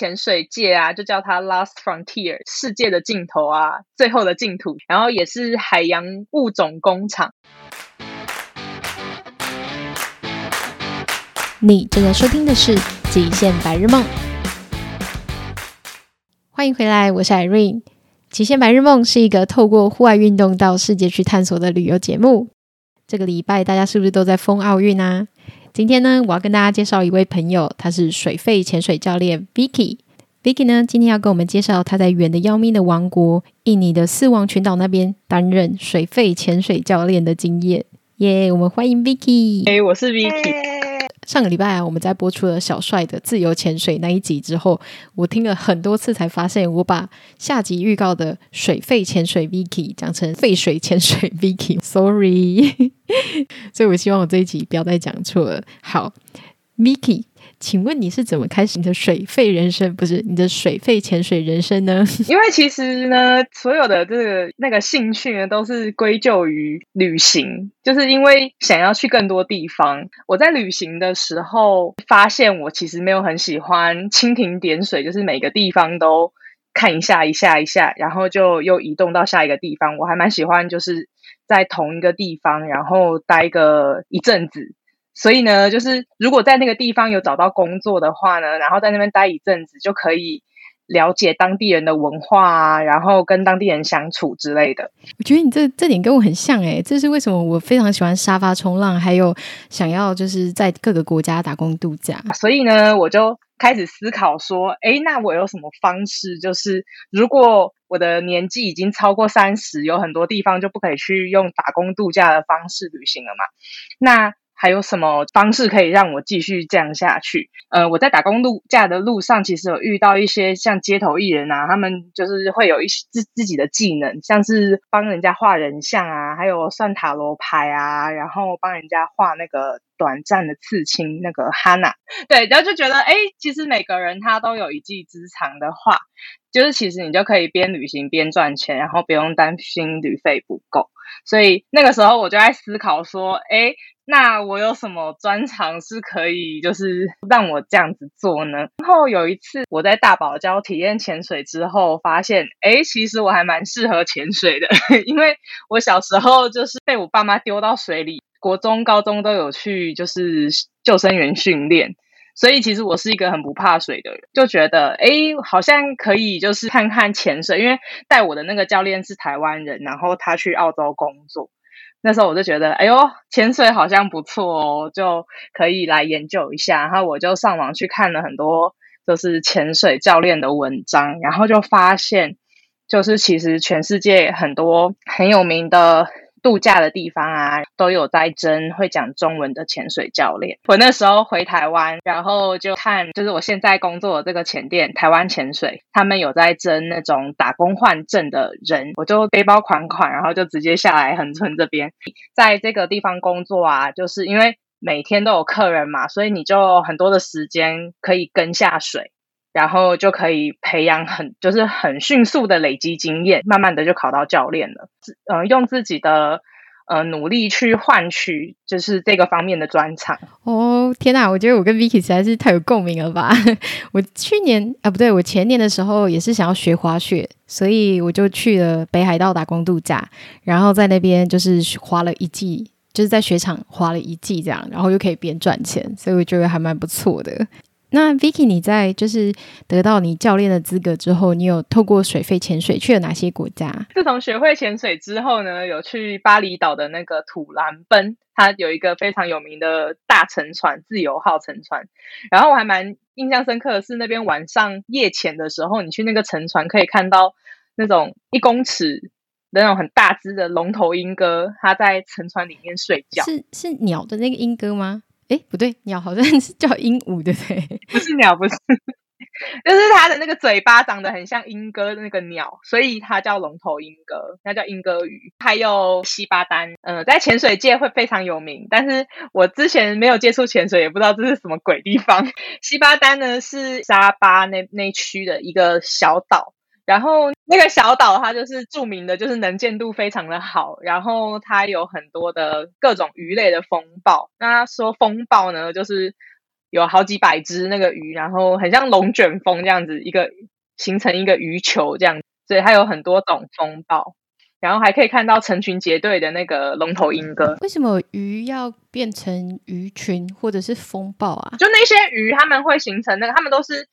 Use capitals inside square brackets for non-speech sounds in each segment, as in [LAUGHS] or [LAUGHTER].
潛水界啊，就叫它 Last Frontier 世界的盡頭啊，最後的淨土，然後也是海洋物種工廠。你正在收聽的是《極限白日夢》，歡迎回來，我是 Irene。《極限白日夢》是一個透過戶外運動到世界去探索的旅遊節目。這個禮拜大家是不是都在瘋奧運啊？今天呢，我要跟大家介紹一位朋友，他是水肺潛水教練 Vicky。Vicky 呢，今天要跟我們介紹他在遠的要命的王國印尼的四王群島那邊擔任水肺潛水教練的經驗。耶，yeah，我們歡迎 Vicky。哎，hey，我是 Vicky。Hey. 上個禮拜啊，我們在播出了小帥的自由潛水那一集之後，我聽了很多次才發現，我把下集預告的水肺潛水 Vicky 講成廢水潛水 Vicky，Sorry， [LAUGHS] 所以我希望我這一集不要再講錯了。好，Vicky。請問你是怎麼開始你的水肺人生？不是你的水肺潛水人生呢？ [LAUGHS] 因為其實呢，所有的這個那個興趣呢，都是歸咎於旅行，就是因為想要去更多地方。我在旅行的時候，發現我其實沒有很喜歡蜻蜓點水，就是每個地方都看一下一下一下，然後就又移動到下一個地方。我還蠻喜歡就是在同一個地方，然後待個一陣子。所以呢，就是如果在那個地方有找到工作的話呢，然後在那邊待一陣子，就可以了解當地人的文化啊，然後跟當地人相處之類的。我覺得你這這點跟我很像誒、欸，這是為什麼我非常喜歡沙發衝浪，還有想要就是在各個國家打工度假。所以呢，我就開始思考說，誒，那我有什麼方式？就是如果我的年紀已經超過三十，有很多地方就不可以去用打工度假的方式旅行了嘛？那還有什麼方式可以讓我繼續這樣下去？呃，我在打工度假的路上，其實有遇到一些像街頭藝人啊，他們就是會有一些自自己的技能，像是幫人家畫人像啊，還有算塔羅牌啊，然後幫人家畫那個短暫的刺青那個哈娜。對，然後就覺得，哎，其實每個人他都有一技之長的話，就是其實你就可以邊旅行邊賺錢，然後不用擔心旅費不夠。所以那個時候我就在思考說，哎。那我有什麼專長是可以就是讓我這樣子做呢？然後有一次我在大堡礁體驗潛水之後，發現哎，其實我還蠻適合潛水的，因為我小時候就是被我爸媽丟到水裡，國中、高中都有去就是救生員訓練，所以其實我是一個很不怕水的人，就覺得哎，好像可以就是看看潛水，因為帶我的那個教練是台灣人，然後他去澳洲工作。那時候我就覺得，哎呦，潛水好像不錯哦，就可以來研究一下。然後我就上網去看了很多，就是潛水教練的文章，然後就發現，就是其實全世界很多很有名的度假的地方啊，都有在徵會講中文的潛水教練。我那時候回台灣，然後就看，就是我現在工作的這個潛店，台灣潛水，他們有在徵那種打工換證的人。我就背包款款，然後就直接下來恆春這邊，在這個地方工作啊，就是因為每天都有客人嘛，所以你就很多的時間可以跟下水。然後就可以培養很，就是很迅速的累積經驗，慢慢的就考到教練了。呃，用自己的呃努力去換取，就是這個方面的專長。哦，天哪！我覺得我跟 Vicky 實在是太有共鳴了吧。 [LAUGHS] 我去年啊，不對，我前年的時候也是想要學滑雪，所以我就去了北海道打工度假，然後在那邊就是滑了一季，就是在雪場滑了一季這樣，然後就可以邊賺錢，所以我覺得還蠻不錯的。那 Vicky，你在就是得到你教練的資格之後，你有透過水肺潛水去了哪些國家？自從學會潛水之後呢，有去巴厘島的那個土蘭奔，它有一個非常有名的大沉船——自由號沉船。然後我還蠻印象深刻的是，那邊晚上夜潛的時候，你去那個沉船可以看到那種一公尺的那種很大只的龍頭鸚哥，它在沉船裡面睡覺。是，是鳥的那個鸚哥嗎？哎、欸，不對，鳥好像是叫鸚鵡的、欸，對不對？不是鳥，不是， [LAUGHS] 就是它的那個嘴巴長得很像鸚哥的那個鳥，所以它叫龍頭鸚哥，它叫鸚哥魚。還有西巴丹，嗯、呃，在潛水界會非常有名，但是我之前沒有接觸潛水，也不知道這是什麼鬼地方。西巴丹呢是沙巴那那區的一個小島。然後那個小島，它就是著名的，就是能見度非常的好。然後它有很多的各種魚類的風暴。那說風暴呢，就是有好幾百隻那個魚，然後很像龍捲風這樣子，一個形成一個魚球這樣子。所以它有很多種風暴，然後還可以看到成群結隊的那個龍頭鸚哥。為什麼魚要變成魚群或者是風暴啊？就那些魚，它們會形成那個，它們都是。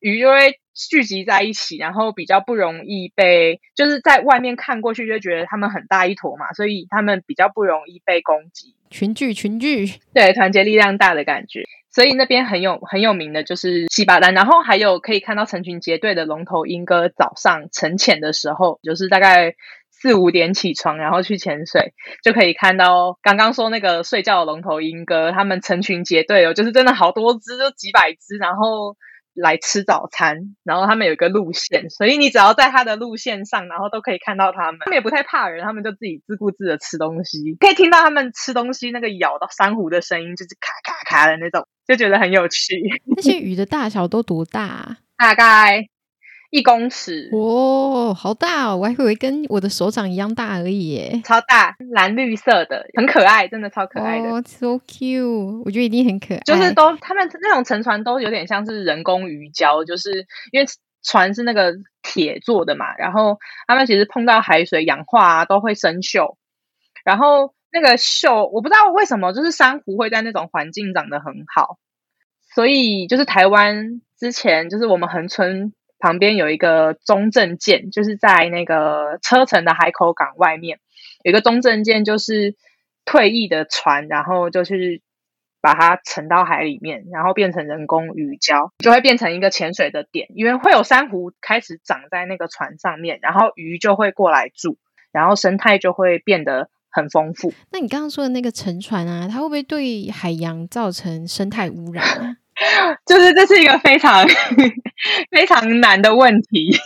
魚就會聚集在一起，然後比較不容易被，就是在外面看過去就覺得它們很大一坨嘛，所以它們比較不容易被攻擊。群聚，群聚，群聚，對，團結力量大的感覺。所以那邊很有很有名的就是西巴丹，然後還有可以看到成群結隊的龍頭鸚哥。早上晨潛的時候，就是大概四五點起床，然後去潛水，就可以看到剛剛說那個睡覺的龍頭鸚哥，他們成群結隊哦，就是真的好多隻，就幾百隻，然後。來吃早餐，然後他們有一個路線，所以你只要在他的路線上，然後都可以看到他們。他們也不太怕人，他們就自己自顧自的吃東西，可以聽到他們吃東西那個咬到珊瑚的聲音，就是咔咔咔的那種，就覺得很有趣。那些魚的大小都多大啊？ [LAUGHS] 大概。一公尺哦，oh, 好大哦！我還以為跟我的手掌一樣大而已耶，超大，藍綠色的，很可愛，真的超可愛的、oh,，so cute！我覺得一定很可愛。就是都他們那種沉船都有點像是人工魚礁，就是因為船是那個鐵做的嘛，然後他們其實碰到海水氧化啊，都會生鏽。然後那個鏽，我不知道為什麼，就是珊瑚會在那種環境長得很好，所以就是台灣之前就是我們恆春。旁邊有一個中正艦，就是在那個車城的海口港外面有一個中正艦，就是退役的船，然後就是把它沉到海裡面，然後變成人工魚礁，就會變成一個潛水的點，因為會有珊瑚開始長在那個船上面，然後魚就會過來住，然後生態就會變得很豐富。那你剛剛說的那個沉船啊，它會不會對海洋造成生態污染啊？ [LAUGHS] 就是這是一個非常非常難的問題，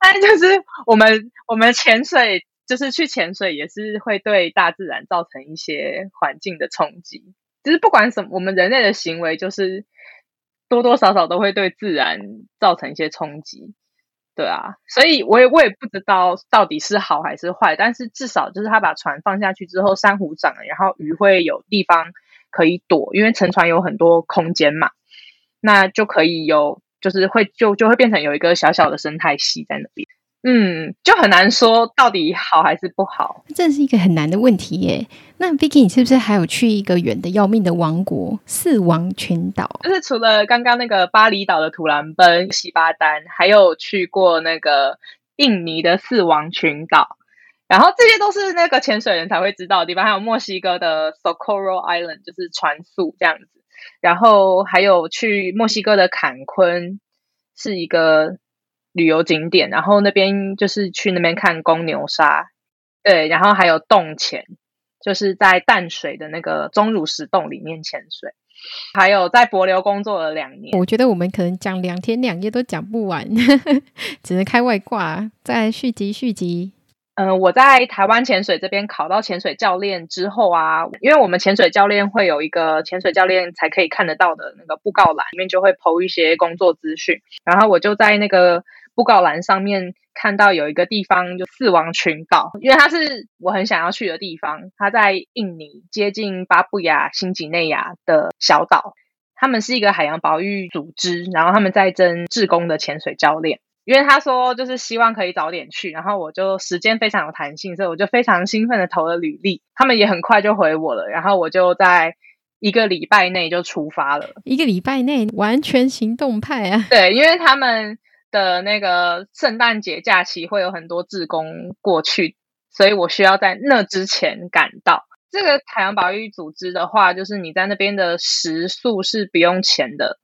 但是就是我們我們潛水，就是去潛水也是會對大自然造成一些環境的衝擊。就是不管什麼，我們人類的行為就是多多少少都會對自然造成一些衝擊，對啊。所以我也我也不知道到底是好還是壞，但是至少就是他把船放下去之後，珊瑚長了，然後魚會有地方。可以躲，因為沉船有很多空間嘛，那就可以有，就是會就就會變成有一個小小的生態系在那邊。嗯，就很難說到底好還是不好，這是一個很難的問題耶。那 Vicky，你是不是還有去一個遠的要命的王國——四王群島？就是除了剛剛那個巴厘島的土蘭奔、西巴丹，還有去過那個印尼的四王群島。然後這些都是那個潛水人才會知道的地方，還有墨西哥的 Socorro Island，就是船宿這樣子。然後還有去墨西哥的坎昆，是一個旅遊景點。然後那邊就是去那邊看公牛鯊，對。然後還有洞潛，就是在淡水的那個鐘乳石洞裡面潛水。還有在帛琉工作了兩年，我覺得我們可能講兩天兩夜都講不完，呵呵，只能開外掛，再續集續集。嗯、呃，我在台灣潛水這邊考到潛水教練之後啊，因為我們潛水教練會有一個潛水教練才可以看得到的那個布告欄，裡面就會 PO 一些工作資訊。然後我就在那個布告欄上面看到有一個地方就四王群島，因為它是我很想要去的地方，它在印尼接近巴布亞、新幾內亞的小島。他們是一個海洋保育組織，然後他們在徵志工的潛水教練。因為他說就是希望可以早點去，然後我就時間非常有彈性，所以我就非常興奮地投了履歷。他們也很快就回我了，然後我就在一個禮拜內就出發了。一個禮拜內完全行動派啊！對，因為他們的那個聖誕節假期會有很多志工過去，所以我需要在那之前趕到。這個海洋保育組織的話，就是你在那邊的食宿是不用錢的。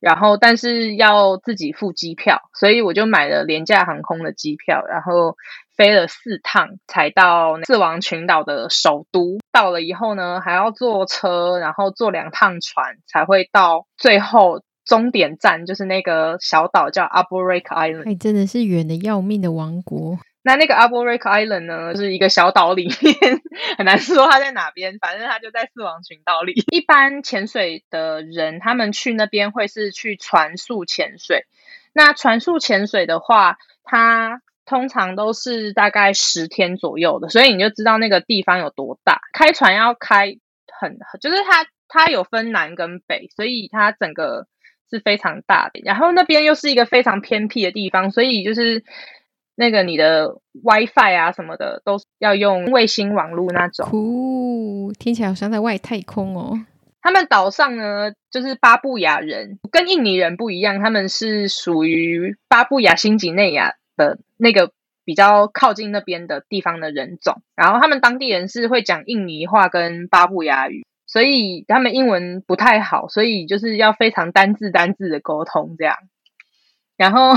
然後，但是要自己付機票，所以我就買了廉價航空的機票，然後飛了四趟才到四王群島的首都。到了以後呢，還要坐車，然後坐兩趟船才會到最後終點站，就是那個小島叫阿波雷克島。哎，真的是遠的要命的王國。那那個 Arborek Island 呢，是一個小島裡面,很難說它在哪邊，反正它就在四王群島裡。一般潛水的人，他們去那邊會是去船宿潛水。那船宿潛水的話，它通常都是大概十天左右的，所以你就知道那個地方有多大。開船要開很，就是它它有分南跟北，所以它整個是非常大的。然後那邊又是一個非常偏僻的地方，所以就是。那個你的 WiFi 啊什麼的都要用衛星網絡那種，呼，聽起來好像在外太空哦。他們島上呢，就是巴布亞人跟印尼人不一樣，他們是屬於巴布亞新幾內亞的那個比較靠近那邊的地方的人種。然後他們當地人是會講印尼話跟巴布亞語，所以他們英文不太好，所以就是要非常單字單字的溝通這樣。然後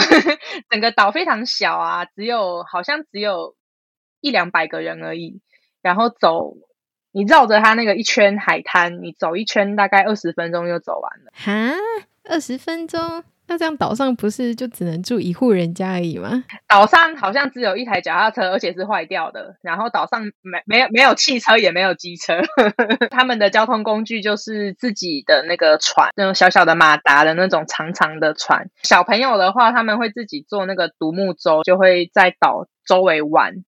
整個島非常小啊，只有好像只有一兩百個人而已。然後走，你繞着它那個一圈海灘，你走一圈大概二十分鐘就走完了。啊，二十分鐘。那這樣島上不是就只能住一戶人家而已嗎？島上好像只有一台腳踏車，而且是壞掉的。然後島上沒沒有沒有汽車，也沒有機車， [LAUGHS] 他們的交通工具就是自己的那個船，那種小小的馬達的那種長長的船。小朋友的話，他們會自己坐那個獨木舟，就會在島周圍玩。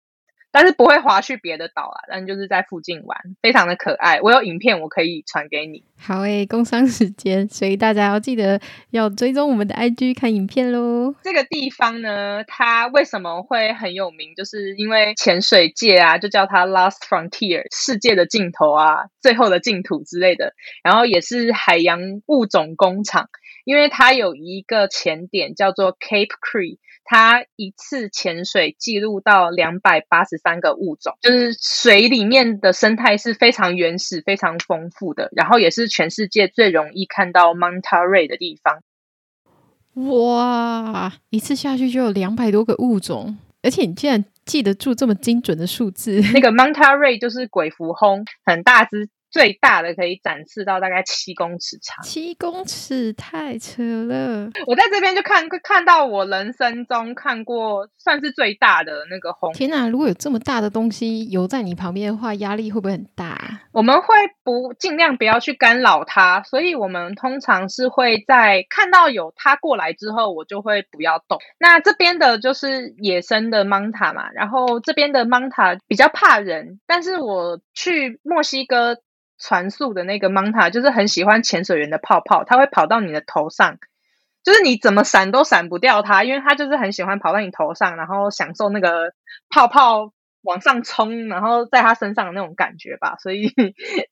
但是不會滑去別的島啊，但就是在附近玩，非常的可愛。我有影片，我可以傳給你。好誒、欸，工商時間，所以大家要記得要追蹤我們的 IG 看影片嘍。這個地方呢，它為什麼會很有名？就是因為潛水界啊，就叫它 Last Frontier，世界的盡頭啊，最後的淨土之類的。然後也是海洋物種工廠，因為它有一個潛點叫做 Cape Creek 他一次潛水記錄到兩百八十三個物種，就是水裡面的生態是非常原始、非常豐富的，然後也是全世界最容易看到蒙塔瑞的地方。哇，一次下去就有兩百多個物種，而且你竟然記得住這麼精準的數字。那個蒙塔瑞就是鬼蝠魟，很大只。最大的可以展示到大概七公尺長，七公尺太扯了。我在這邊就看看到我人生中看過算是最大的那個魟。天啊，如果有這麼大的東西游在你旁邊的話，壓力會不會很大啊？我們會不盡量不要去干擾它，所以我們通常是會在看到有它過來之後，我就會不要動。那這邊的就是野生的芒塔嘛，然後這邊的芒塔比較怕人，但是我去墨西哥。船速的那個芒塔，就是很喜歡潛水員的泡泡，他會跑到你的頭上，就是你怎麼閃都閃不掉他，因為他就是很喜歡跑到你頭上，然後享受那個泡泡往上衝，然後在他身上的那種感覺吧。所以，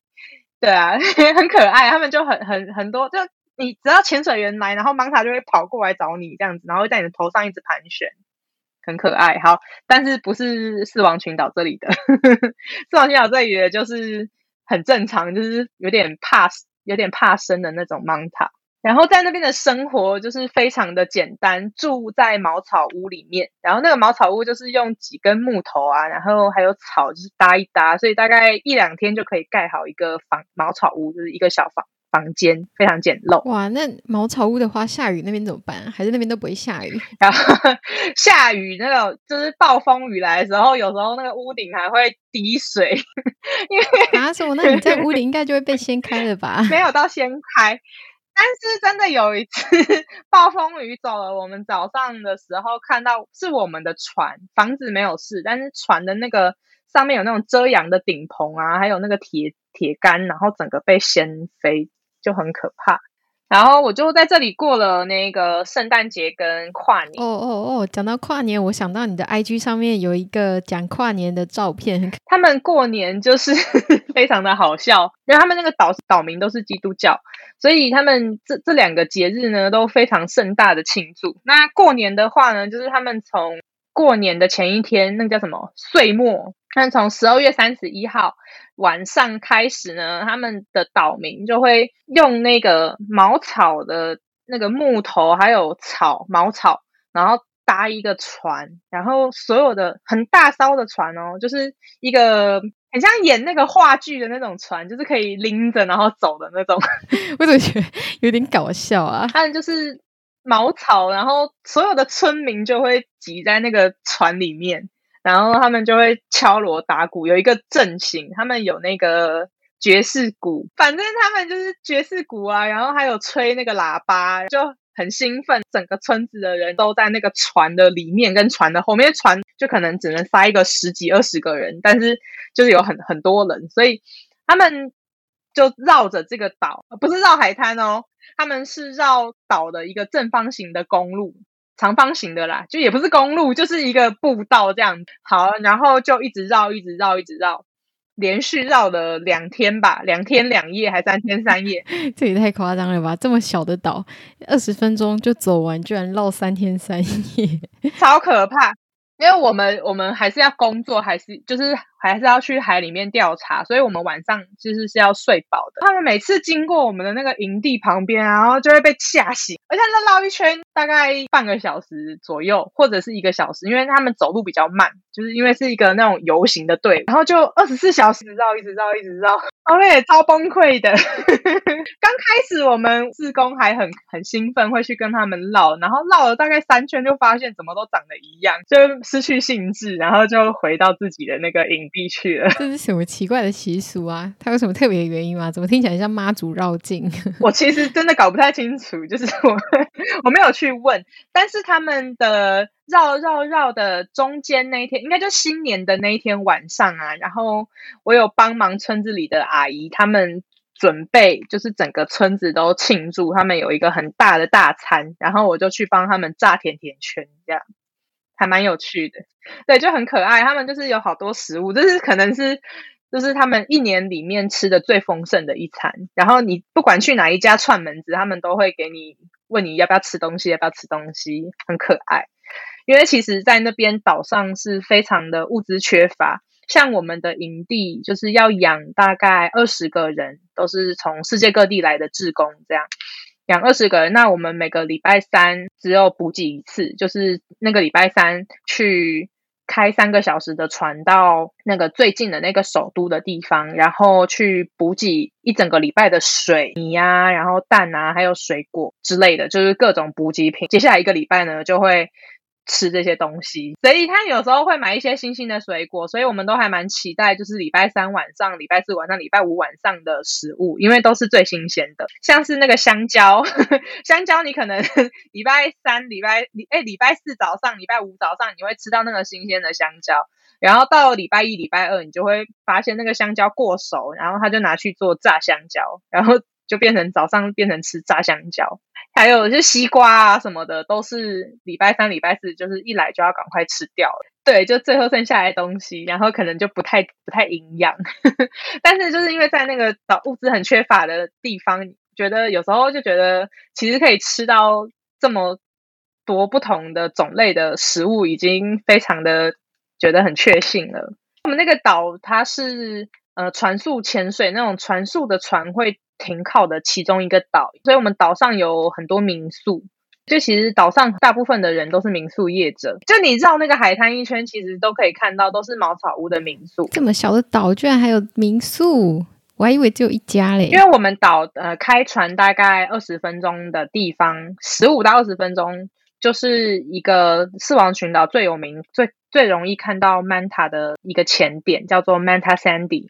[LAUGHS] 對啊，很可愛。他們就很很很多，就你只要潛水員來，然後芒塔就會跑過來找你這樣子，然後會在你的頭上一直盤旋，很可愛。好，但是不是四王群島這裡的，四王群島這裡的， [LAUGHS] 就是。很正常，就是有點怕有點怕生的那種芒塔。然後在那邊的生活就是非常的簡單，住在茅草屋裡面。然後那個茅草屋就是用幾根木頭啊，然後還有草就是搭一搭，所以大概一兩天就可以蓋好一個房茅草屋，就是一個小房。房間非常簡陋。哇！那茅草屋的話，下雨那邊怎麼辦？還是那邊都不會下雨？然後下雨那個就是暴風雨來的時候，有時候那個屋頂還會滴水。因為啊什麼？那你在屋頂應該就會被掀開了吧？沒有到掀開，但是真的有一次暴風雨走了，我們早上的時候看到是我們的船，房子沒有事，但是船的那個上面有那種遮陽的頂棚啊，還有那個鐵鐵桿，然後整個被掀飛。就很可怕，然後我就在這裡過了那個聖誕節跟跨年。哦哦哦，講到跨年，我想到你的 IG 上面有一個講跨年的照片。他們過年就是呵呵非常的好笑，因為他們那個島島民都是基督教，所以他們這這兩個節日呢都非常盛大的慶祝。那過年的話呢，就是他們從過年的前一天，那個叫什麼，歲末。但從十二月三十一號晚上開始呢，他們的島民就會用那個茅草的、那個木頭還有草、茅草，然後搭一個船，然後所有的很大艘的船哦，就是一個很像演那個話劇的那種船，就是可以拎着然後走的那種。我怎麼覺得有點搞笑啊？他們就是茅草，然後所有的村民就會擠在那個船裡面。然後他們就會敲鑼打鼓，有一個陣型，他們有那個爵士鼓，反正他們就是爵士鼓啊。然後還有吹那個喇叭，就很興奮。整個村子的人都在那個船的裡面，跟船的後面船，船就可能只能塞一個十幾、二十個人，但是就是有很很多人，所以他們就繞着這個島，不是繞海灘哦，他們是繞島的一個正方形的公路。長方形的啦，就也不是公路，就是一個步道這樣。好，然後就一直繞，一直繞，一直繞，連續繞了兩天吧，兩天兩夜，還三天三夜。 [LAUGHS] 這也太誇張了吧！這麼小的島，二十分鐘就走完，居然繞三天三夜， [LAUGHS] 超可怕。因為我們我們還是要工作，還是就是。還是要去海裡面調查，所以我們晚上其實是，是要睡飽的。他們每次經過我們的那個營地旁邊，然後就會被嚇醒，而且他們繞一圈，大概半個小時左右或者是一個小時，因為他們走路比較慢，就是因為是一個那種遊行的隊，然後就二十四小時繞一直繞一直繞，好累、哦，超崩潰的。 [LAUGHS] 剛開始我們志工還很很興奮，會去跟他們繞，然後繞了大概三圈就發現怎麼都長得一樣，就失去興致，然後就回到自己的那個營。必去了，這是什麼奇怪的習俗啊？它有什麼特別的原因嗎？怎麼聽起來像媽祖繞境？我其實真的搞不太清楚，就是我我沒有去問。但是他們的繞繞繞的中間那一天，應該就新年的那一天晚上啊。然後我有幫忙村子裡的阿姨，他們準備就是整個村子都慶祝，他們有一個很大的大餐。然後我就去幫他們炸甜甜圈，這樣。還蠻有趣的，對，就很可愛。他們就是有好多食物，就是可能是就是他們一年裡面吃的最豐盛的一餐。然後你不管去哪一家串門子，他們都會給你問你要不要吃東西，要不要吃東西，很可愛。因為其實，在那邊島上是非常的物資缺乏，像我們的營地就是要養大概二十個人，都是從世界各地來的志工這樣。養二十個人，那我們每個禮拜三只有補給一次，就是那個禮拜三去開三個小時的船到那個最近的那個首都的地方，然後去補給一整個禮拜的水、米呀、啊，然後蛋啊，還有水果之類的，就是各種補給品。接下來一個禮拜呢，就會。吃這些東西，所以他有時候會買一些新鮮的水果，所以我們都還蠻期待，就是禮拜三晚上、禮拜四晚上、禮拜五晚上的食物，因為都是最新鮮的。像是那個香蕉，香蕉你可能禮拜三、禮拜、欸、禮拜四早上、禮拜五早上你會吃到那個新鮮的香蕉，然後到禮拜一、禮拜二你就會發現那個香蕉過熟，然後他就拿去做炸香蕉，然後。就變成早上變成吃炸香蕉，還有就是西瓜啊什麼的，都是禮拜三、禮拜四，就是一來就要趕快吃掉。對，就最後剩下來的東西，然後可能就不太、不太營養。 [LAUGHS] 但是就是因為在那個島物資很缺乏的地方，覺得有時候就覺得其實可以吃到這麼多不同的種類的食物，已經非常的覺得很確信幸了。我們那個島它是。呃，船速潛水那種船速的船會停靠的其中一個島，所以我們島上有很多民宿。就其實島上大部分的人都是民宿業者。就你繞那個海灘一圈，其實都可以看到都是茅草屋的民宿。這麼小的島居然還有民宿，我還以為只有一家嘞。因為我們島呃開船大概二十分鐘的地方，十五到二十分鐘就是一個四王群島最有名、最最容易看到 Manta 的一個潛點，叫做 Manta Sandy。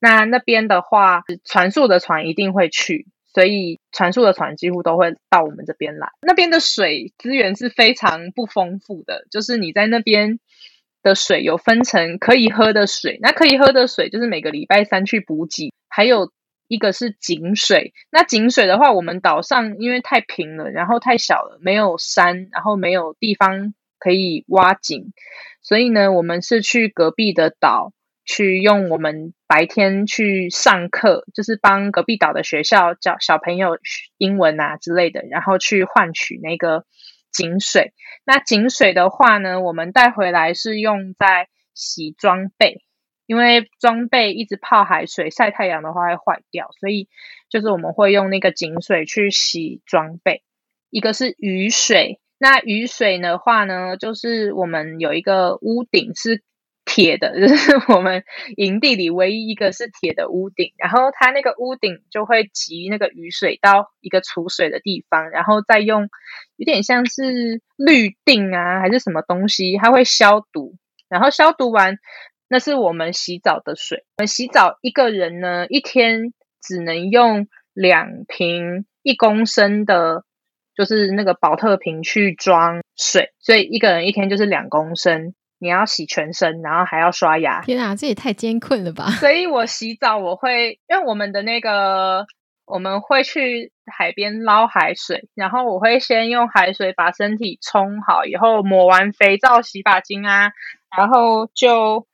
那那邊的話，船宿的船一定會去，所以船宿的船幾乎都會到我們這邊來。那邊的水資源是非常不豐富的，就是你在那邊的水有分成可以喝的水，那可以喝的水就是每個禮拜三去補給，還有一個是井水。那井水的話，我們島上因為太平了，然後太小了，沒有山，然後沒有地方可以挖井，所以呢，我們是去隔壁的島。去用我們白天去上課，就是幫隔壁島的學校教小朋友學英文啊之類的，然後去換取那個井水。那井水的話呢，我們帶回來是用在洗裝備，因為裝備一直泡海水、曬太陽的話會壞掉，所以就是我們會用那個井水去洗裝備。一個是雨水，那雨水的話呢，就是我們有一個屋頂是鐵的，就是我們營地裡唯一一個是鐵的屋頂，然後它那個屋頂就會集那個雨水到一個儲水的地方，然後再用有點像是氯錠啊，還是什麼東西，它會消毒，然後消毒完，那是我們洗澡的水。我們洗澡一個人呢，一天只能用兩瓶一公升的，就是那個寶特瓶去裝水，所以一個人一天就是兩公升。你要洗全身，然後還要刷牙，天哪、啊，這也太艱困了吧！所以，我洗澡我會，因為我們的那個，我們會去海邊撈海水，然後我會先用海水把身體沖好，以後抹完肥皂、洗髮精啊，然後就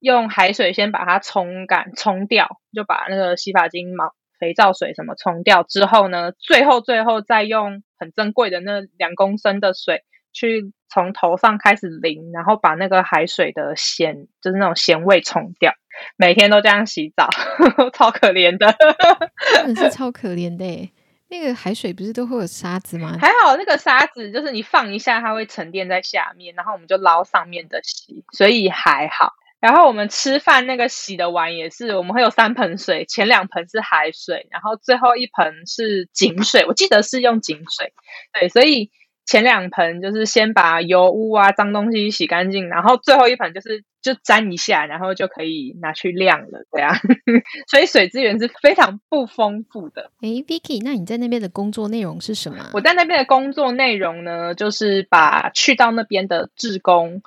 用海水先把它沖乾、沖掉，就把那個洗髮精、毛肥皂水什麼沖掉之後呢，最後最後再用很珍貴的那兩公升的水，去從頭上開始淋，然後把那個海水的鹹，就是那種鹹味沖掉。每天都這樣洗澡，呵呵超可憐的，真的是超可憐的。 [LAUGHS] 那個海水不是都會有沙子嗎？還好那個沙子就是你放一下，它會沉澱在下面，然後我們就撈上面的洗，所以還好。然後我們吃飯那個洗的碗也是，我們會有三盆水，前兩盆是海水，然後最後一盆是井水。我記得是用井水，對，所以。前兩盆就是先把油污啊、髒東西洗乾淨，然後最後一盆就是就沾一下，然後就可以拿去晾了，對啊。 [LAUGHS] 所以水資源是非常不豐富的。哎，Vicky，那你在那邊的工作內容是什麼？我在那邊的工作內容呢，就是把去到那邊的志工。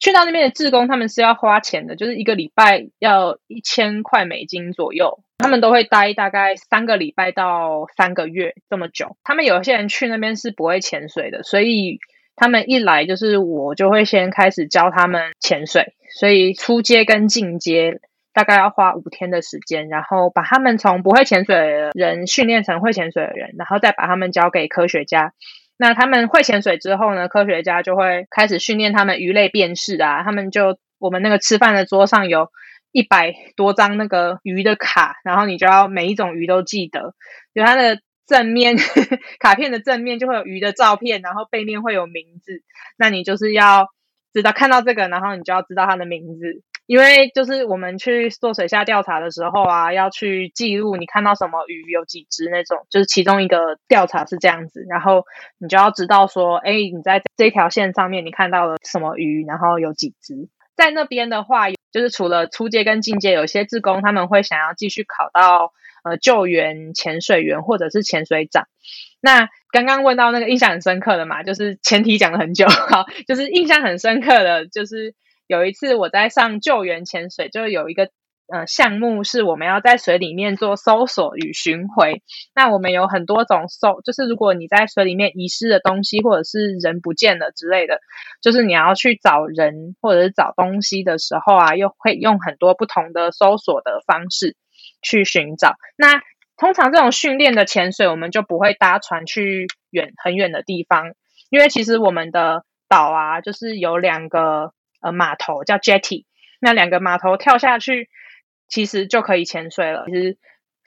去到那邊的志工，他們是要花錢的，就是一個禮拜要一千塊美金左右。他們都會待大概三個禮拜到三個月這麼久。他們有些人去那邊是不會潛水的，所以他們一來就是我就會先開始教他們潛水。所以初階跟進階大概要花五天的時間，然後把他們從不會潛水的人訓練成會潛水的人，然後再把他們交給科學家。那他們會潛水之後呢，科學家就會開始訓練他們魚類辨識啊。他們就我們那個吃飯的桌上有一百多張那個魚的卡，然後你就要每一種魚都記得。就它的正面，呵呵，卡片的正面就會有魚的照片，然後背面會有名字。那你就是要知道看到這個，然後你就要知道它的名字。因為就是我們去做水下調查的時候啊，要去記錄你看到什麼魚，有幾隻那種，就是其中一個調查是這樣子。然後你就要知道說，哎，你在這條線上面你看到了什麼魚，然後有幾隻。在那邊的話，就是除了初階跟進階，有些志工他們會想要繼續考到呃救援潛水員或者是潛水長。那剛剛問到那個印象很深刻的嘛，就是前提講了很久，好， [LAUGHS] 就是印象很深刻的就是。有一次我在上救援潛水，就有一個呃項目，是我們要在水裡面做搜索與尋回。那我們有很多種搜，就是如果你在水裡面遺失的東西，或者是人不見了之類的，就是你要去找人或者是找東西的時候啊，又會用很多不同的搜索的方式去尋找。那通常這種訓練的潛水，我們就不會搭船去遠很遠的地方，因為其實我們的島啊，就是有兩個。呃，碼頭叫 Jetty，那兩個碼頭跳下去，其實就可以潛水了。其實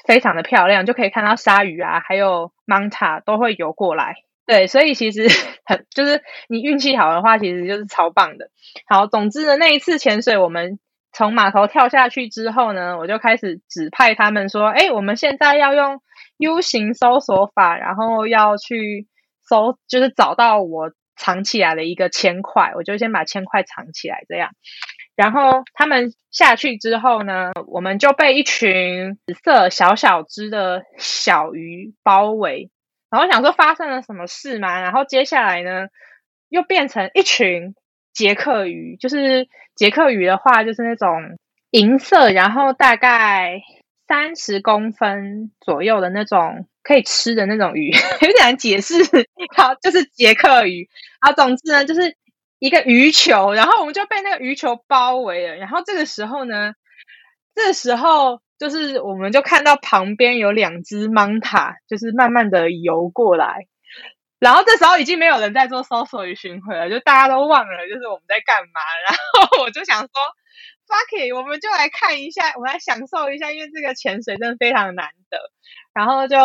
非常的漂亮，就可以看到鯊魚啊，還有 Manta 都會游過來。對，所以其實很就是你運氣好的話，其實就是超棒的。好，總之呢，那一次潛水，我們從碼頭跳下去之後呢，我就開始指派他們說，哎，我們現在要用 U 型搜索法，然後要去搜，就是找到我藏起來的一個鉛塊，我就先把鉛塊藏起來，這樣。然後他們下去之後呢，我們就被一群紫色小小隻的小魚包圍。然後想說發生了什麼事嘛，然後接下來呢，又變成一群傑克魚，就是傑克魚的話，就是那種銀色，然後大概。三十公分左右的那種可以吃的那種魚，有點難解釋。好，就是傑克魚。啊，總之呢，就是一個魚球，然後我們就被那個魚球包圍了。然後這個時候呢，這個、時候就是我們就看到旁邊有兩隻芒塔，就是慢慢的游過來。然後這時候已經沒有人在做搜索與尋回了，就大家都忘了就是我們在幹嘛。然後我就想說。我們就來看一下，我來享受一下，因為這個潛水真的非常難得。然後就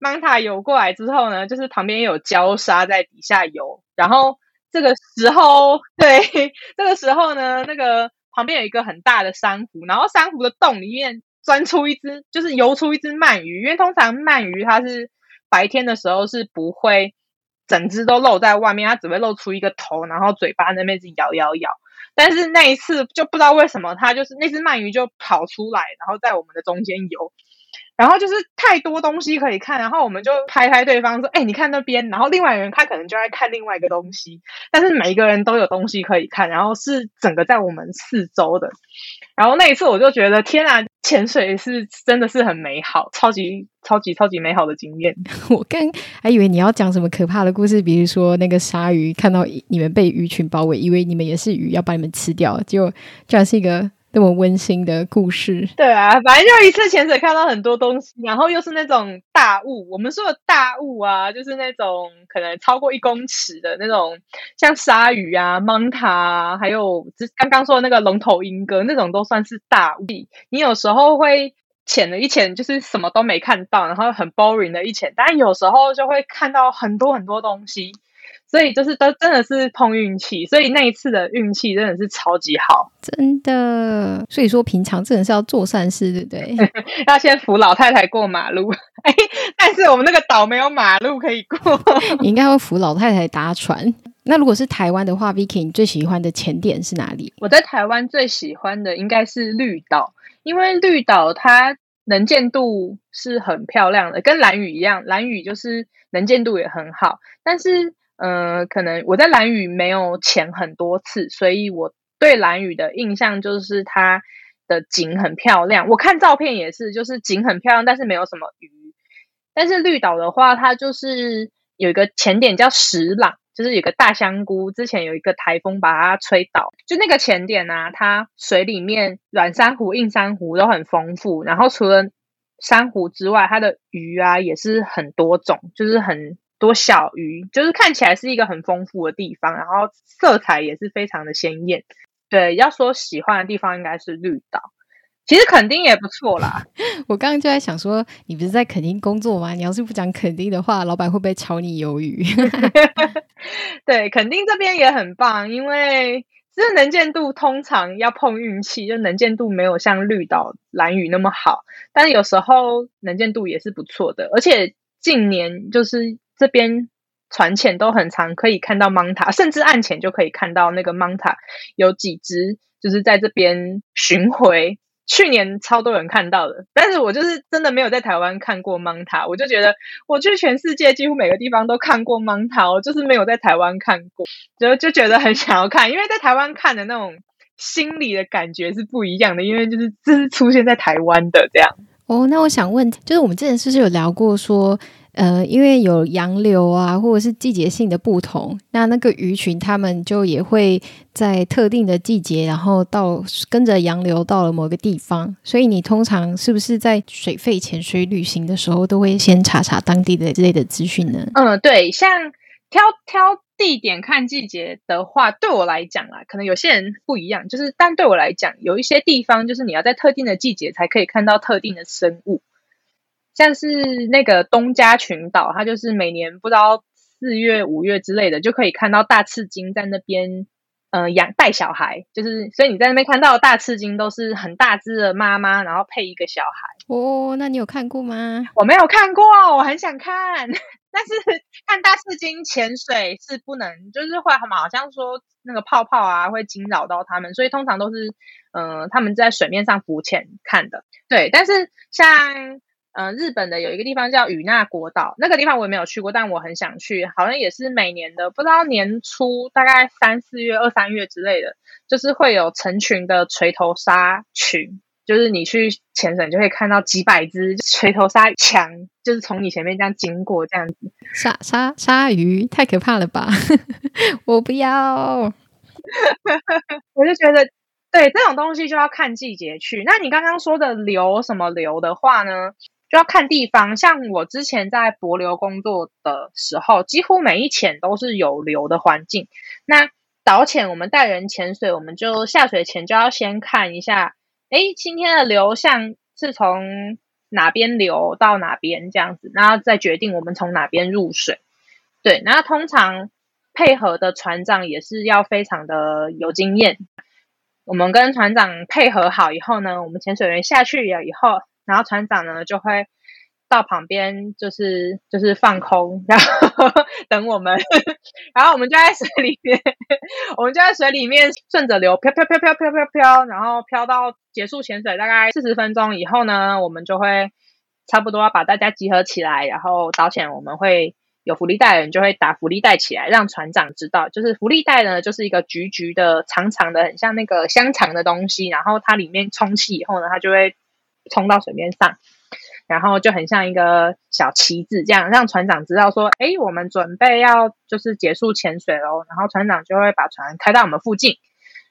Manta 游過來之後呢，就是旁邊有礁鯊在底下游。然後這個時候，對，這個時候呢，那個旁邊有一個很大的珊瑚，然後珊瑚的洞裡面鑽出一隻，就是游出一隻鰻魚。因為通常鰻魚它是白天的時候是不會整隻都露在外面，它只會露出一個頭，然後嘴巴那邊是咬咬咬。但是那一次就不知道為什麼，他就是那只鰻魚就跑出來，然後在我們的中間游，然後就是太多東西可以看，然後我們就拍拍對方說：“欸，你看那邊。”然後另外一個人他可能就在看另外一個東西，但是每一個人都有東西可以看，然後是整個在我們四周的。然後那一次我就覺得天啊！潛水是真的是很美好，超級超級超級、超級美好的經驗。 [LAUGHS] 我剛還以為你要講什麼可怕的故事，比如說那個鯊魚看到你們被魚群包圍，以為你們也是魚要把你們吃掉，結果居然是一個。這麼溫馨的故事。對啊，反正就一次潛水看到很多東西，然後又是那種大物，我們說的大物啊，就是那種可能超過一公尺的那種，像鯊魚啊、蒙塔啊，還有就剛剛說的那個龍頭鸚哥，那種都算是大物。你有時候會潛了一潛，就是什麼都沒看到，然後很 boring 的一潛，但有時候就會看到很多很多東西。所以就是都真的是碰運氣，所以那一次的運氣真的是超級好，真的。所以說平常真的是要做善事，對不對？ [LAUGHS] 要先扶老太太過馬路。哎， [LAUGHS] 但是我們那個島沒有馬路可以過， [LAUGHS] [LAUGHS] 你應該會扶老太太搭船。那如果是台灣的話，Vicky，你最喜歡的潛點是哪裡？我在台灣最喜歡的應該是綠島，因為綠島它能見度是很漂亮的，跟蘭嶼一樣，蘭嶼就是能見度也很好，但是。呃，可能我在蘭嶼沒有潛很多次，所以我對蘭嶼的印象就是它的景很漂亮。我看照片也是，就是景很漂亮，但是沒有什麼魚。但是綠島的話，它就是有一個潛點叫石朗，就是有個大香菇。之前有一個颱風把它吹倒，就那個潛點啊，它水裡面軟珊瑚、硬珊瑚都很豐富。然後除了珊瑚之外，它的魚啊也是很多種，就是很。多小魚，就是看起來是一個很豐富的地方，然後色彩也是非常的鮮豔。對，要說喜歡的地方，應該是綠島，其實墾丁也不錯啦。 [LAUGHS] 我剛剛就在想說，你不是在墾丁工作嗎？你要是不講墾丁的話，老板會不會炒你魷魚？ [LAUGHS] [LAUGHS] 對，墾丁這邊也很棒，因為這能見度通常要碰運氣，就能見度沒有像綠島蘭嶼那麼好，但是有時候能見度也是不錯的，而且近年就是。這邊船潛，都很常可以看到芒塔，甚至岸潛，就可以看到那個芒塔。有幾隻就是在這邊巡迴，去年超多人看到的。但是我就是真的沒有在台灣看過芒塔，我就覺得我去全世界幾乎每個地方都看過芒塔，我就是沒有在台灣看過，就就覺得很想要看，因為在台灣看的那種心理的感覺是不一樣的，因為就是這是出現在台灣的這樣。哦，那我想問，就是我們之前是不是有聊過說？呃，因為有洋流啊，或者是季節性的不同，那那個魚群它們就也會在特定的季節，然後到跟着洋流到了某個地方，所以你通常是不是在水肺潛水旅行的時候，都會先查查當地的這類的資訊呢？嗯，對，像挑挑地點看季節的話，對我來講啊，可能有些人不一樣，就是但對我來講，有一些地方就是你要在特定的季節才可以看到特定的生物。像是那個東加群島，它就是每年不知道四月、五月之類的，就可以看到大翅鯨在那邊，呃養帶小孩。就是所以你在那邊看到的大翅鯨，都是很大只的媽媽，然後配一個小孩。哦，那你有看過嗎？我沒有看過，我很想看。但是看大翅鯨潛水是不能，就是會，好像說那個泡泡啊，會驚擾到他們，所以通常都是，嗯、呃，他們在水面上浮潛看的。對，但是像。嗯，日本的有一個地方叫與那國島，那個地方我也沒有去過，但我很想去。好像也是每年的，不知道年初大概三四月、二三月之類的，就是會有成群的錘頭鯊群，就是你去潛水就可以看到幾百隻錘頭鯊牆，就是從你前面這樣經過這樣子。鯊鯊鯊魚太可怕了吧？ [LAUGHS] 我不要， [LAUGHS] 我就覺得對這種東西就要看季節去。那你剛剛說的流什麼流的話呢？就要看地方，像我之前在帛琉工作的時候，幾乎每一潛都是有流的環境。那導潛，我們帶人潛水，我們就下水前就要先看一下，哎，今天的流向是從哪邊流到哪邊這樣子，然後再決定我們從哪邊入水。對，那通常配合的船長也是要非常的有經驗。我們跟船長配合好以後呢，我們潛水員下去了以後。然後船長呢就會到旁邊，就是就是放空，然後等我們。然後我們就在水裡面，我們就在水裡面順着流飄飄飄飄飄飄飄，然後飄到結束潛水大概四十分鐘以後呢，我們就會差不多把大家集合起來。然後導潛我們會有浮力袋的人就會打浮力袋起來，讓船長知道。就是浮力袋呢，就是一個橘橘的長長的，很像那個香腸的東西。然後它裡面充氣以後呢，它就會。衝到水面上，然後就很像一個小旗子這樣，讓船長知道說：“誒，我們準備要就是結束潛水嘍。”然後船長就會把船開到我們附近，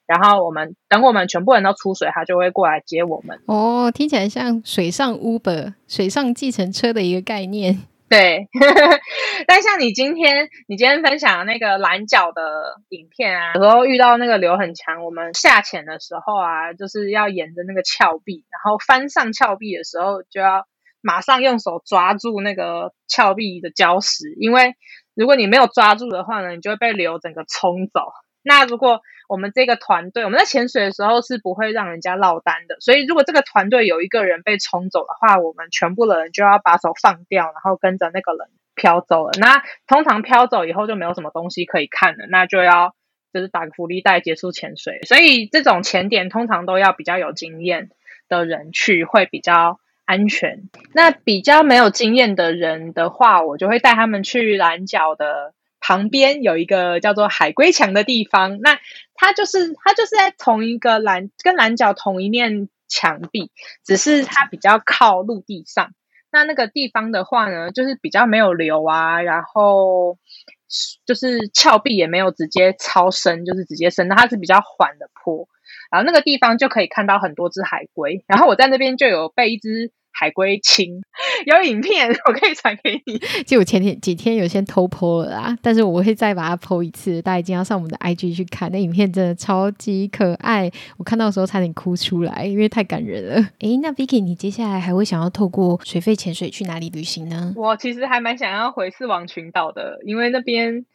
然後我們等我們全部人都出水，他就會過來接我們。哦，聽起來像水上 Uber、水上計程車的一個概念。對， [LAUGHS] 但像你今天，你今天分享的那個藍角的影片啊，有時候遇到那個流很強，我們下潛的時候啊，就是要沿着那個峭壁，然後翻上峭壁的時候，就要馬上用手抓住那個峭壁的礁石，因為如果你沒有抓住的話呢，你就會被流整個沖走。那如果我們這個團隊，我們在潛水的時候是不會讓人家落單的，所以如果這個團隊有一個人被沖走的話，我們全部的人就要把手放掉，然後跟着那個人飄走了。那通常飄走以後就沒有什麼東西可以看了，那就要就是打個浮力袋結束潛水。所以這種潛點通常都要比較有經驗的人去，會比較安全。那比較沒有經驗的人的話，我就會帶他們去藍角的。旁邊有一個叫做海龜牆的地方，那它就是，它就是在同一個藍跟藍角同一面牆壁，只是它比較靠陸地上。那那個地方的話呢，就是比較沒有流啊，然後就是峭壁也沒有直接超深，就是直接深，那它是比較緩的坡。然後那個地方就可以看到很多只海龜，然後我在那邊就有被一只。海龜青有影片，我可以傳給你。就我前天幾天有先偷播了啦，但是我會再把它播一次。大家一定要上我們的 IG 去看，那影片真的超級可愛，我看到的時候差點哭出來，因為太感人了。誒、欸、那 Vicky，你接下來還會想要透過水肺潛水去哪裡旅行呢？我其實還蠻想要回四王群島的，因為那邊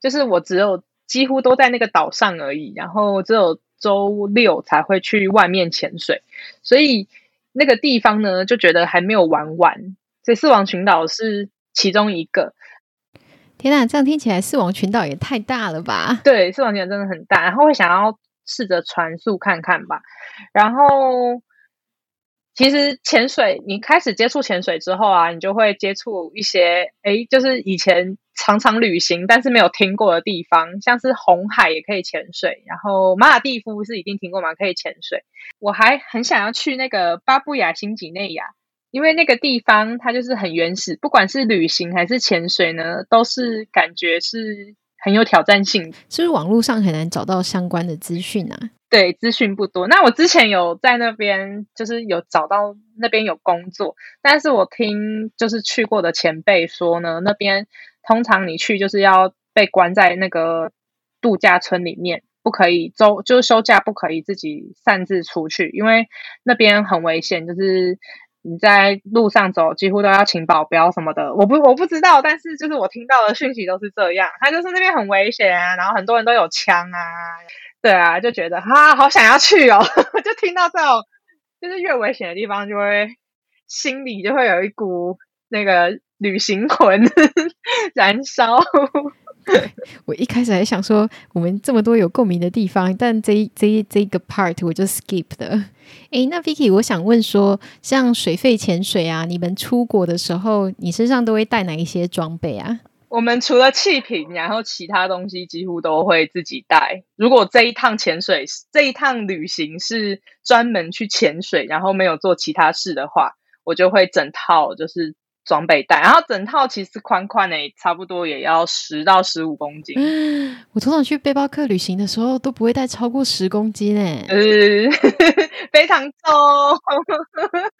就是我只有幾乎都在那個島上而已，然後只有周六才會去外面潛水，所以。那個地方呢，就覺得還沒有玩完，所以四王群島是其中一個。天哪，這樣聽起來四王群島也太大了吧？對，四王群島真的很大，然後會想要試着船宿看看吧，然後。其實潛水，你開始接觸潛水之後啊，你就會接觸一些誒、欸、就是以前常常旅行但是沒有聽過的地方，像是紅海也可以潛水，然後馬爾地夫是一定聽過嘛，可以潛水。我還很想要去那個巴布亞新幾內亞，因為那個地方它就是很原始，不管是旅行還是潛水呢，都是感覺是。很有挑戰性，就是，是不是網絡上很難找到相關的資訊啊？對，資訊不多。那我之前有在那邊，就是有找到那邊有工作，但是我聽就是去過的前輩說呢，那邊通常你去就是要被關在那個度假村裡面，不可以周就是休假不可以自己擅自出去，因為那邊很危險，就是。你在路上走，幾乎都要請保鏢什麼的。我不，我不知道，但是就是我聽到的訊息都是這樣。他就是那邊很危險啊，然後很多人都有槍啊，對啊，就覺得啊，好想要去哦。就聽到這種，就是越危險的地方，就會心裡就會有一股那個旅行魂燃燒。 [LAUGHS] 我一開始還想說我們這麼多有共鳴的地方，但這一這一這一個 part 我就 skip 了。誒、欸，那 Vicky，我想問說，像水肺潛水啊，你們出國的時候，你身上都會帶哪一些裝備啊？我們除了氣瓶，然後其他東西幾乎都會自己帶。如果這一趟潛水，這一趟旅行是專門去潛水，然後沒有做其他事的話，我就會整套就是。裝備袋，然後整套其實寬寬的、欸、差不多也要十到十五公斤。嗯、我通常去背包客旅行的時候都不會帶超過十公斤誒、欸嗯，非常重。哈哈哈。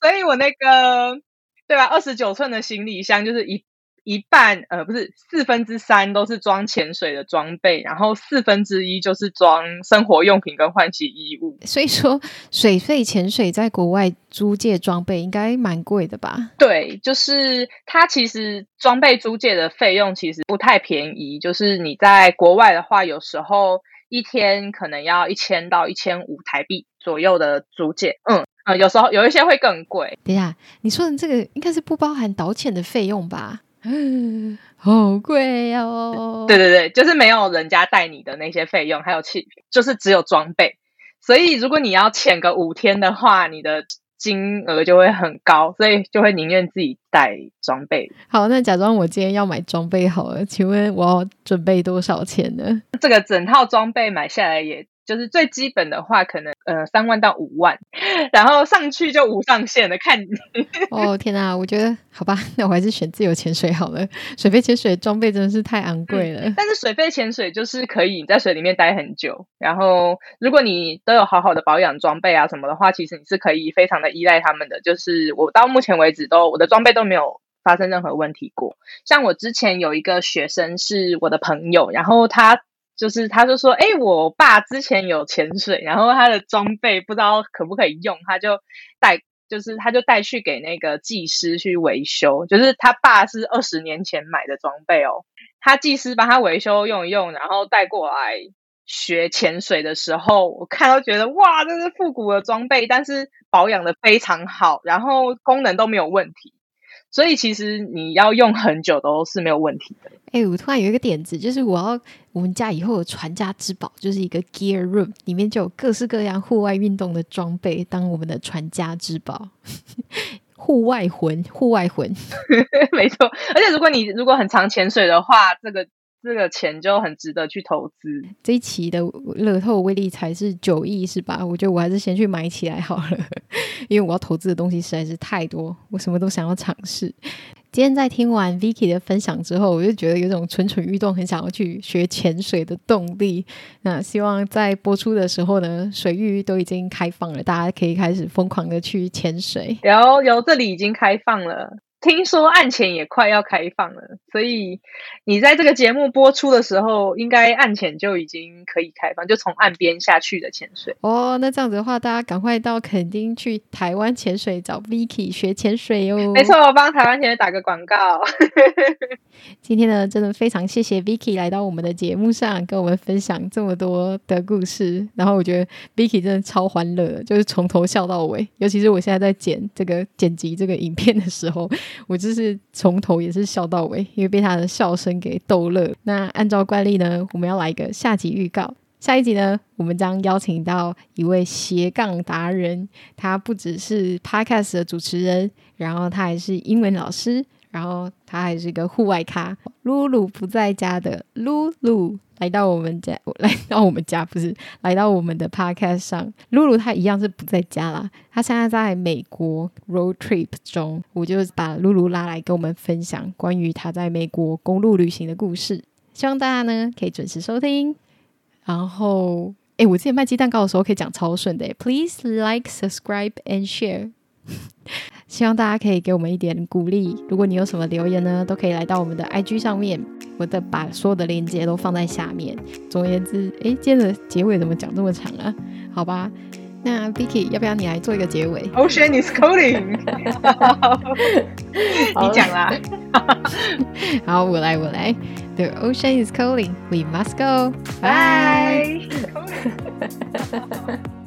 所以我那個對吧，二十九寸的行李箱就是一，一半，呃，不是四分之三都是裝潛水的裝備，然後四分之一就是裝生活用品跟換洗衣物。所以說，水肺潛水在國外租借裝備應該蠻貴的吧？對，就是它其實裝備租借的費用其實不太便宜。就是你在國外的話，有時候一天可能要一千到一千五台幣左右的租借。嗯嗯、呃，有時候有一些會更貴。等一下，你說的這個應該是不包含導潛的費用吧？嗯，好貴哦！對對對，就是沒有人家帶你的那些費用，還有氣，就是只有裝備，所以如果你要潛個五天的話，你的金額就會很高，所以就會寧願自己帶裝備。好，那假裝我今天要買裝備好了，請問我要準備多少錢呢？這個整套裝備買下來也。就是最基本的話，可能呃三萬到五萬，然後上去就無上限了。看你哦，天吶，我覺得好吧，那我還是選自由潛水好了。水肺潛水裝備真的是太昂貴了。嗯，但是水肺潛水就是可以你在水裡面待很久，然後如果你都有好好的保養裝備啊什麼的話，其實你是可以非常的依賴他們的。就是我到目前為止都我的裝備都沒有發生任何問題過。像我之前有一個學生是我的朋友，然後他。就是他就說，哎，我爸之前有潛水，然後他的裝備不知道可不可以用，他就帶，就是他就帶去給那個技師去維修。就是他爸是二十年前買的裝備哦，他技師幫他維修用一用，然後帶過來學潛水的時候，我看到覺得哇，這是復古的裝備，但是保養的非常好，然後功能都沒有問題。所以其實你要用很久都是沒有問題的。哎、欸，我突然有一個點子，就是我要我們家以後有傳家之寶，就是一個 gear room，裡面就有各式各樣戶外運動的裝備，當我們的傳家之寶， [LAUGHS] 戶外魂，戶外魂， [LAUGHS] 沒錯。而且如果你如果很常潛水的話，這個。這個錢就很值得去投資。這一期的樂透威力才是九億，是吧？我覺得我還是先去買起來好了， [LAUGHS] 因為我要投資的東西實在是太多，我什麼都想要嘗試。今天在聽完 Vicky 的分享之後，我就覺得有種蠢蠢欲動、很想要去學潛水的動力。那希望在播出的時候呢，水域都已經開放了，大家可以開始瘋狂的去潛水。有有，這裡已經開放了。聽說岸潛也快要開放了，所以你在這個節目播出的時候，應該岸潛就已經可以開放，就從岸邊下去的潛水哦。那這樣子的話，大家趕快到墾丁去台灣潛水找 Vicky 學潛水喲。沒錯，我幫台灣潛水打個廣告。 [LAUGHS] 今天呢，真的非常謝謝 Vicky 來到我們的節目上，跟我們分享這麼多的故事。然後我覺得 Vicky 真的超歡樂，就是從頭笑到尾。尤其是我現在在剪這個剪輯這個影片的時候。我就是從頭也是笑到尾，因為被他的笑聲給逗樂。那按照慣例呢，我們要來一個下集預告。下一集呢，我們將邀請到一位斜槓達人，他不只是 Podcast 的主持人，然後他還是英文老師，然後他還是一個戶外咖。露露不在家的露露。來到我們家，來到我們家，不是來到我們的 Podcast 上。露露她一樣是不在家啦，她現在在美國 road trip 中。我就把露露拉來跟我們分享關於她在美國公路旅行的故事。希望大家呢可以準時收聽。然後，誒，我之前賣雞蛋糕的時候可以講超順的誒。Please like, subscribe, and share. [LAUGHS] 希望大家可以給我們一點鼓勵。如果你有什麼留言呢，都可以來到我們的 IG 上面，我再把所有的鏈接都放在下面。總而言之，哎、欸，今天的結尾怎麼講這麼長啊？好吧，那 Vicky，要不要你來做一個結尾？Ocean is calling，你講啦。 [LAUGHS] 好，我來，我來。The ocean is calling，we must go。Bye。 [LAUGHS]